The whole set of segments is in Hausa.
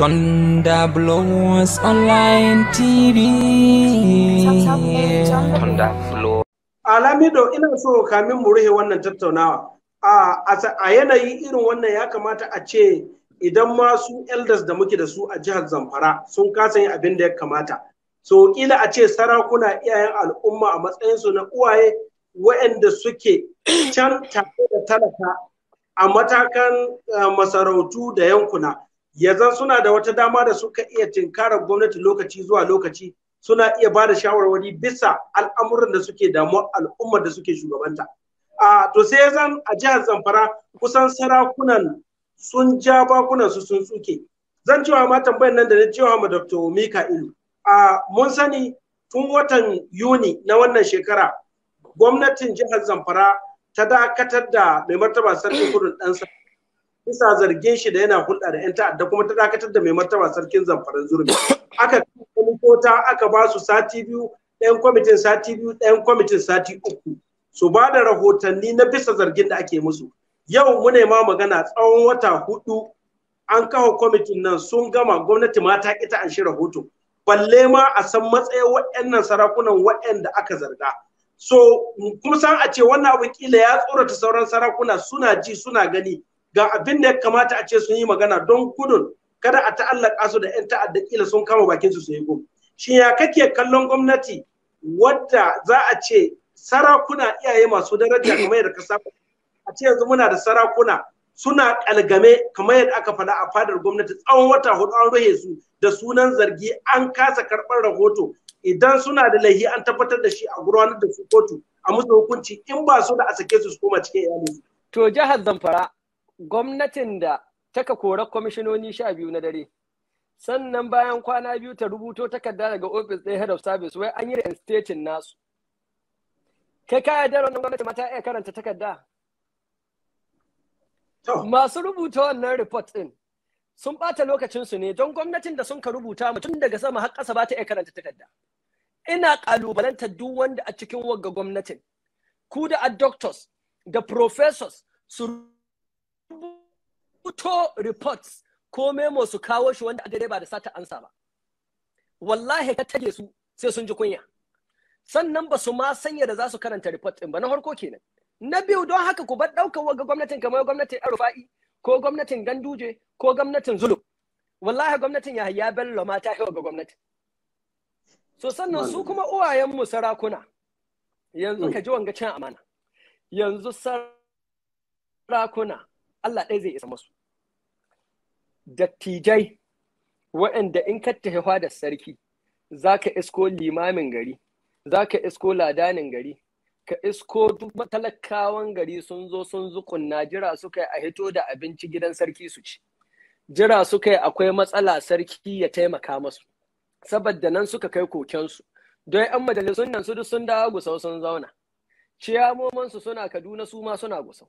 Thunder Blows Online TV. Thunder Blows. Alamido ina so kamin mu rufe wannan tattaunawa. A yanayi irin wannan ya kamata a ce idan ma su elders da muke da su a jihar Zamfara sun kasa yin abin da ya kamata. So kila a ce sarakuna iyayen al'umma a matsayinsu na uwaye waɗanda suke can tare da talaka a matakan eh, masarautu da yankuna. yanzu suna da wata dama da suka iya tinkarar gwamnati lokaci zuwa lokaci suna iya ba da shawarwari bisa al'amuran da suke damu al'ummar da suke shugabanta. A to sai zan a jihar Zamfara kusan sarakunan sun ja bakunan su sun tsuke. Zan cewa ma tambayar nan da na cewa ma Dr. Mika'ilu. A mun sani tun watan Yuni na wannan shekara gwamnatin jihar Zamfara ta dakatar da mai martaba sarkin kudin ɗansa bisa zargin shi da yana hulɗa da 'yan ta'adda kuma ta dakatar da mai martaba sarkin zamfaran zurmi aka kota aka ba su sati biyu ɗayan kwamitin sati biyu ɗayan kwamitin sati uku su ba da rahotanni na bisa zargin da ake musu yau mune ma magana tsawon wata hudu an kawo kwamitin nan sun gama gwamnati ma ta kita an shi rahoto balle ma a san matsayin waɗannan sarakunan waɗanda aka zarga so kuma san a ce wannan abu kila ya tsorata sauran sarakuna suna ji suna gani ga abin da ya kamata a ce sun yi magana don gudun kada a ta'allaka su da 'yan ta'adda kila sun kama bakin su su yi gum shin ya kake kallon gwamnati wadda za a ce sarakuna iyaye masu daraja kamar yadda ka saba a ce yanzu muna da sarakuna suna kalgame kamar yadda aka faɗa a fadar gwamnati tsawon wata hudu an ruhe su da sunan zargi an kasa karɓar rahoto idan suna da laihi an tabbatar da shi a gurwanar da su kotu a musu hukunci in ba su da a sake su su koma cikin iyali. To jihar Zamfara gwamnatin da taka kora kwamishinoni sha biyu na dare sannan bayan kwana biyu ta rubuto takarda daga ofis ɗaya head of service wai an yi reinstating nasu kai kaya da wannan gwamnati mata iya karanta takarda masu rubuta wannan report ɗin sun bata lokacinsu ne don gwamnatin da sun ka rubuta mutum daga sama har ƙasa ba ta iya karanta takarda ina ƙalubalanta duk wanda a cikin wagga gwamnatin ku da doctors da professors su rubuto reports ko memo su kawo shi wanda aka ba da sata ansa ba wallahi ka tage su sai sun ji kunya sannan ba su ma sanya da za su karanta report ɗin ba na harko kenan na biyu don haka ku bar ɗaukar wa gwamnatin kamar gwamnatin Arufa'i ko gwamnatin ganduje ko gwamnatin zulub wallahi gwamnatin ya hayya bello ma ta ga gwamnati so sannan su kuma uwayenmu sarakuna yanzu ka ji wanga cin amana yanzu sarakuna Allah ɗaya zai isa masu dattijai waɗanda in ka hawa da sarki za ka isko limamin gari za ka isko ladanin gari ka isko duk matalakawan gari sun zo sun zukunna jira suka yi a hito da abinci gidan sarki su ci jira suka yi akwai matsala sarki ya taimaka masu saboda nan suka kai kokensu don yan majalisun nan su sun dawo gusau sun zauna ciyamomansu suna kaduna su ma suna gusau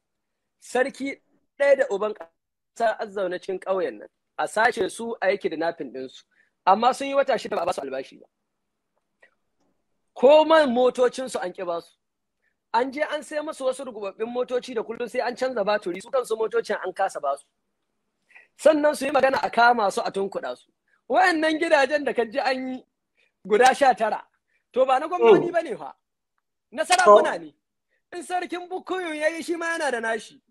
sarki ɗaya da uban ƙasa azzaunacin ƙauyen nan a sace su a yake da nafin ɗinsu amma sun yi wata shida ba a basu albashi ba ko man motocinsu an ƙi basu an je an sai masu wasu rugubabbin motoci da kullum sai an canza baturi su kansu motocin an kasa basu sannan su yi magana a kama su a tunkuɗa su wayannan gidajen da ka ji an yi guda sha tara to ba na gwamnati oh. ba ne fa na sarakuna oh. ne in sarkin bukuyu ya yi shi ma yana da nashi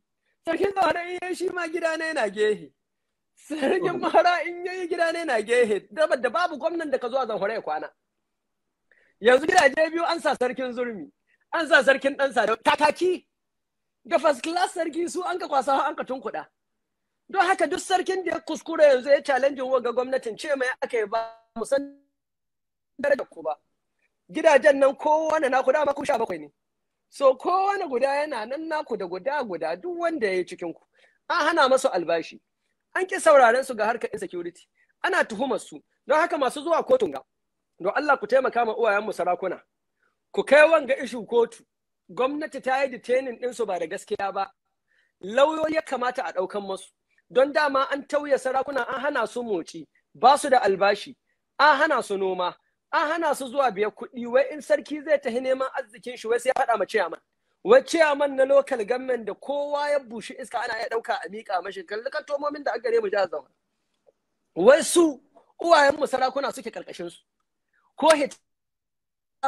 sarkin mahara in yi shi ma gida ne na gehe sarkin mara in yi gida ne na gehe da babu gwamnan da ka zuwa zamfara ya kwana yanzu gidaje biyu an sa sarkin zurmi an sa sarkin dan sa kakaki da first class sarki su an ka kwasa an ka tunkuɗa don haka duk sarkin da ya kuskura yanzu ya challenge wa ga gwamnatin ce mai aka yi ba mu san ku ba gidajen nan kowane kudu dama ku sha bakwai ne So kowane guda yana nan naku da guda guda duk wanda ya yi cikin ku. An hana masu albashi. An ki sauraren su ga harkar insecurity. Ana tuhumar su. Don haka masu zuwa kotun ga. Don Allah ku taimaka ma mu sarakuna. Ku kai wanga ishu kotu. Gwamnati ta yi din su ba da gaskiya ba. Lauyoyi ya kamata a ɗaukan masu. Don dama an tauye sarakuna an hana su moci. Ba su da albashi. An hana su noma. an hana su zuwa biyar kuɗi wai in sarki zai tafi neman arzikin shi wai sai faɗa ma ciyaman wai ciyaman na lokal government da kowa ya bushi iska ana ya ɗauka a miƙa mashi kalli kan tomomin da gare mu jihar zamfara wai su uwayen sarakuna suke karkashin su ko hita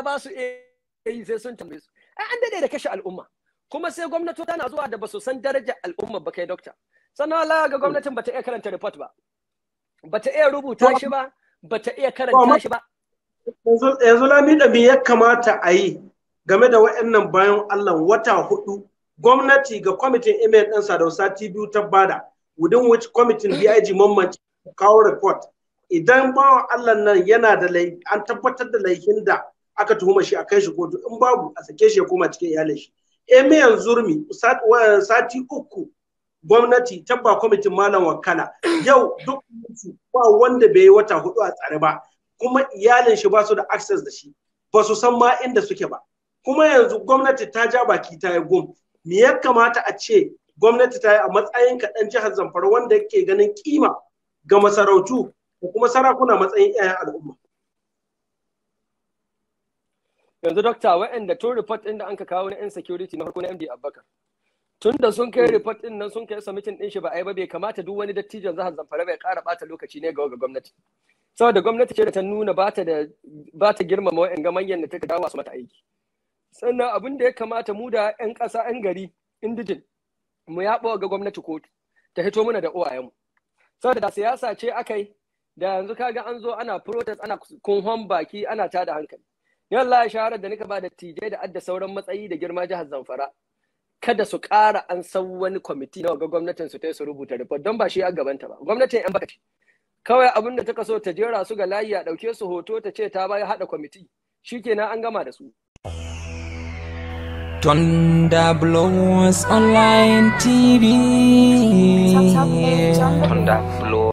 ba su yi sai sun tambaye su ai an dade da kashe al'umma kuma sai gwamnati tana zuwa da basu san darajar al'umma ba kai dokta sannan Allah ga gwamnatin bata iya karanta report ba bata iya rubuta shi ba bata iya karanta shi ba yanzu lamida me ya kamata a yi game da wa'annan bayan Allah wata hudu gwamnati ga kwamitin email ɗin sadau sati biyu ta bada within which kwamitin DIG mamman kawo report idan bawan Allah nan yana da an tabbatar da laifin da aka tuhuma shi a kai shi kotu in babu a sake shi ya koma cikin iyalin shi email zurmi sati uku gwamnati tabba kwamitin malam wakala yau duk ba wanda bai yi wata hudu a tsare ba kuma iyalin shi ba su da access da shi ba su san ma inda suke ba kuma yanzu gwamnati ta ja baki ta yi gum me ya kamata a ce gwamnati ta yi a matsayin dan jihar zamfara wanda yake ganin kima ga masarautu ko kuma sarakuna matsayin 'ya'yan al'umma yanzu dokta wa'anda tun report ɗin da an kawo na 'yan na farko na md abubakar tun da sun kai mm. report ɗin nan sun kai submission ɗin shi ba a yi ba bai kamata duk wani dattijon zahar zamfara bai ƙara bata lokaci ne ga gwamnati saboda gwamnati ce da ta nuna ba ta da ba ta girmama manyan da take dawo su mata aiki sannan abin da ya kamata mu da 'yan ƙasa 'yan gari indijin mu ya ga gwamnati kotu ta hito mana da uwayenmu saboda da siyasa ce aka yi da yanzu kaga an zo ana protest ana kunhon baki ana da hankali yalla ya shaharar da nika ba da da adda sauran matsayi da girma jihar zamfara kada su ƙara an san wani kwamiti na ga gwamnatin su ta su rubuta report don ba shi a gabanta ba gwamnatin yan baka ce kawai abin da taka so ta jera su ga layi a ɗauke su hoto ta ce ta baya haɗa kwamiti shi shikenan an gama da su Tonda Blows Online TV Blows